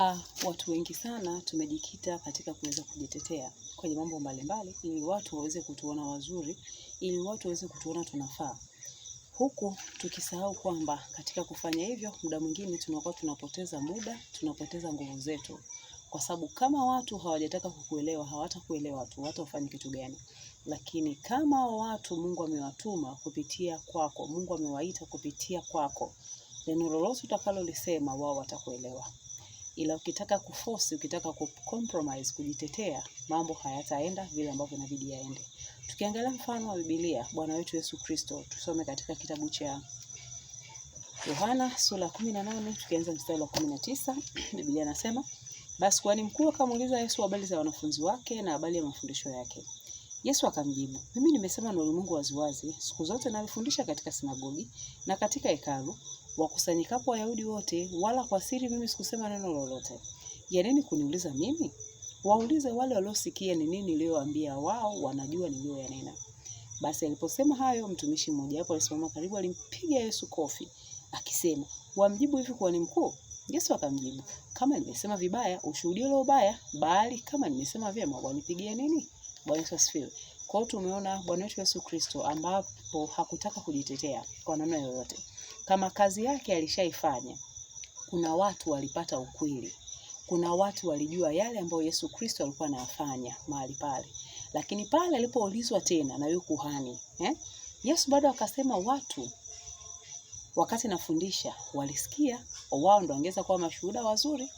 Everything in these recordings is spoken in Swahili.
Ah, watu wengi sana tumejikita katika kuweza kujitetea kwenye mambo mbalimbali ili watu waweze kutuona wazuri, ili watu waweze kutuona tunafaa, huku tukisahau kwamba katika kufanya hivyo muda mwingine tunakuwa tunapoteza muda, tunapoteza nguvu zetu, kwa sababu kama watu hawajataka kukuelewa, hawatakuelewa tu hata ufanye kitu gani. Lakini kama watu Mungu amewatuma kupitia kwako, Mungu amewaita kupitia kwako, neno lolote utakalolisema wao watakuelewa ila ukitaka kuforce, ukitaka compromise, kujitetea, mambo hayataenda vile ambavyo inabidi yaende. Tukiangalia mfano wa Biblia, Bwana wetu Yesu Kristo, tusome katika kitabu cha Yohana sura ya kumi na nane tukianza mstari wa kumi Biblia inasema basi kuhani mkuu akamuuliza Yesu habari za wanafunzi wake na habari ya mafundisho yake. Yesu akamjibu, mimi nimesema na ulimwengu waziwazi siku zote nalifundisha katika sinagogi na katika hekalu, wakusanyikapo Wayahudi wote, wala kwa siri mimi sikusema neno lolote. Ya nini kuniuliza mimi? Waulize wale waliosikia ni nini niliyowaambia, wao wanajua niliyoyanena. Basi aliposema hayo, mtumishi mmoja wapo alisimama karibu, alimpiga Yesu kofi akisema, wamjibu hivi kuwa ni mkuu? Yesu akamjibu, kama nimesema vibaya, ushuhudie leo ubaya, bali kama nimesema vyema, wanipigie nini? Bwana Yesu asifiwe. Kwa hiyo tumeona Bwana wetu Yesu Kristo ambapo hakutaka kujitetea kwa namna yoyote, kama kazi yake alishaifanya. Kuna watu walipata ukweli, kuna watu walijua yale ambayo Yesu Kristo alikuwa anafanya mahali pale, lakini pale alipoulizwa tena na yule kuhani eh? Yesu bado akasema watu wakati nafundisha walisikia, wao ndio wangeweza kuwa mashuhuda wazuri.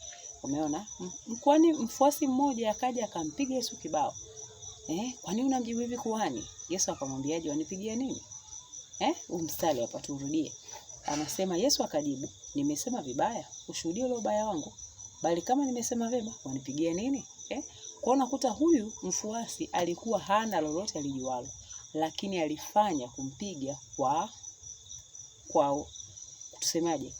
Umeona, mkwani mfuasi mmoja akaja akampiga Yesu kibao eh, kwa nini unamjibu hivi kuhani? Yesu akamwambiaje, wanipigia nini? Eh, umstari hapa turudie. Anasema Yesu akajibu, nimesema vibaya, ushuhudie ule ubaya wangu, bali kama nimesema vema, wanipigia nini? Eh, kwa unakuta huyu mfuasi alikuwa hana lolote alijualo, lakini alifanya kumpiga kwa kwa tusemaje,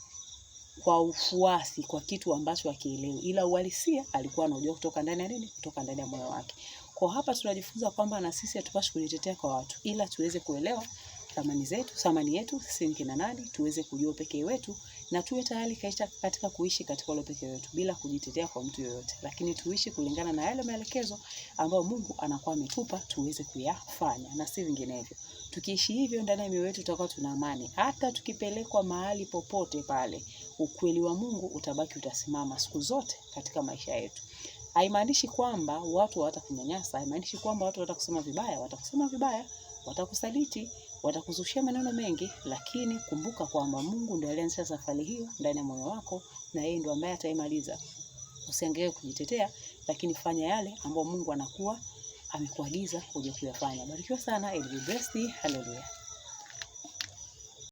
kwa ufuasi, kwa kitu ambacho akielewi, ila uhalisia alikuwa anajua kutoka ndani ya nini, kutoka ndani ya moyo wake. Kwa hapa tunajifunza kwamba na sisi hatupashi kujitetea kwa watu, ila tuweze kuelewa thamani zetu, thamani yetu sisi ni kina nani, tuweze kujua pekee wetu na tuwe tayari kaisha katika kuishi katika ule pekee wetu bila kujitetea kwa mtu yoyote, lakini tuishi kulingana na yale maelekezo ambayo Mungu anakuwa ametupa tuweze kuyafanya na si vinginevyo. Tukiishi hivyo ndani ya mioyo yetu, tutakuwa tuna amani. Hata tukipelekwa mahali popote pale, ukweli wa Mungu utabaki utasimama siku zote katika maisha yetu. Haimaanishi kwamba watu watakunyanyasa, haimaanishi kwamba watu watakusema vibaya. Watakusema vibaya, watakusaliti, watakuzushia maneno mengi, lakini kumbuka kwamba Mungu ndiye alianzisha safari hiyo ndani ya moyo wako na yeye ndiye ambaye ataimaliza. Usiangalie kujitetea, lakini fanya yale ambayo Mungu anakuwa amekuagiza uje kuyafanya. Barikiwa sana. Haleluya.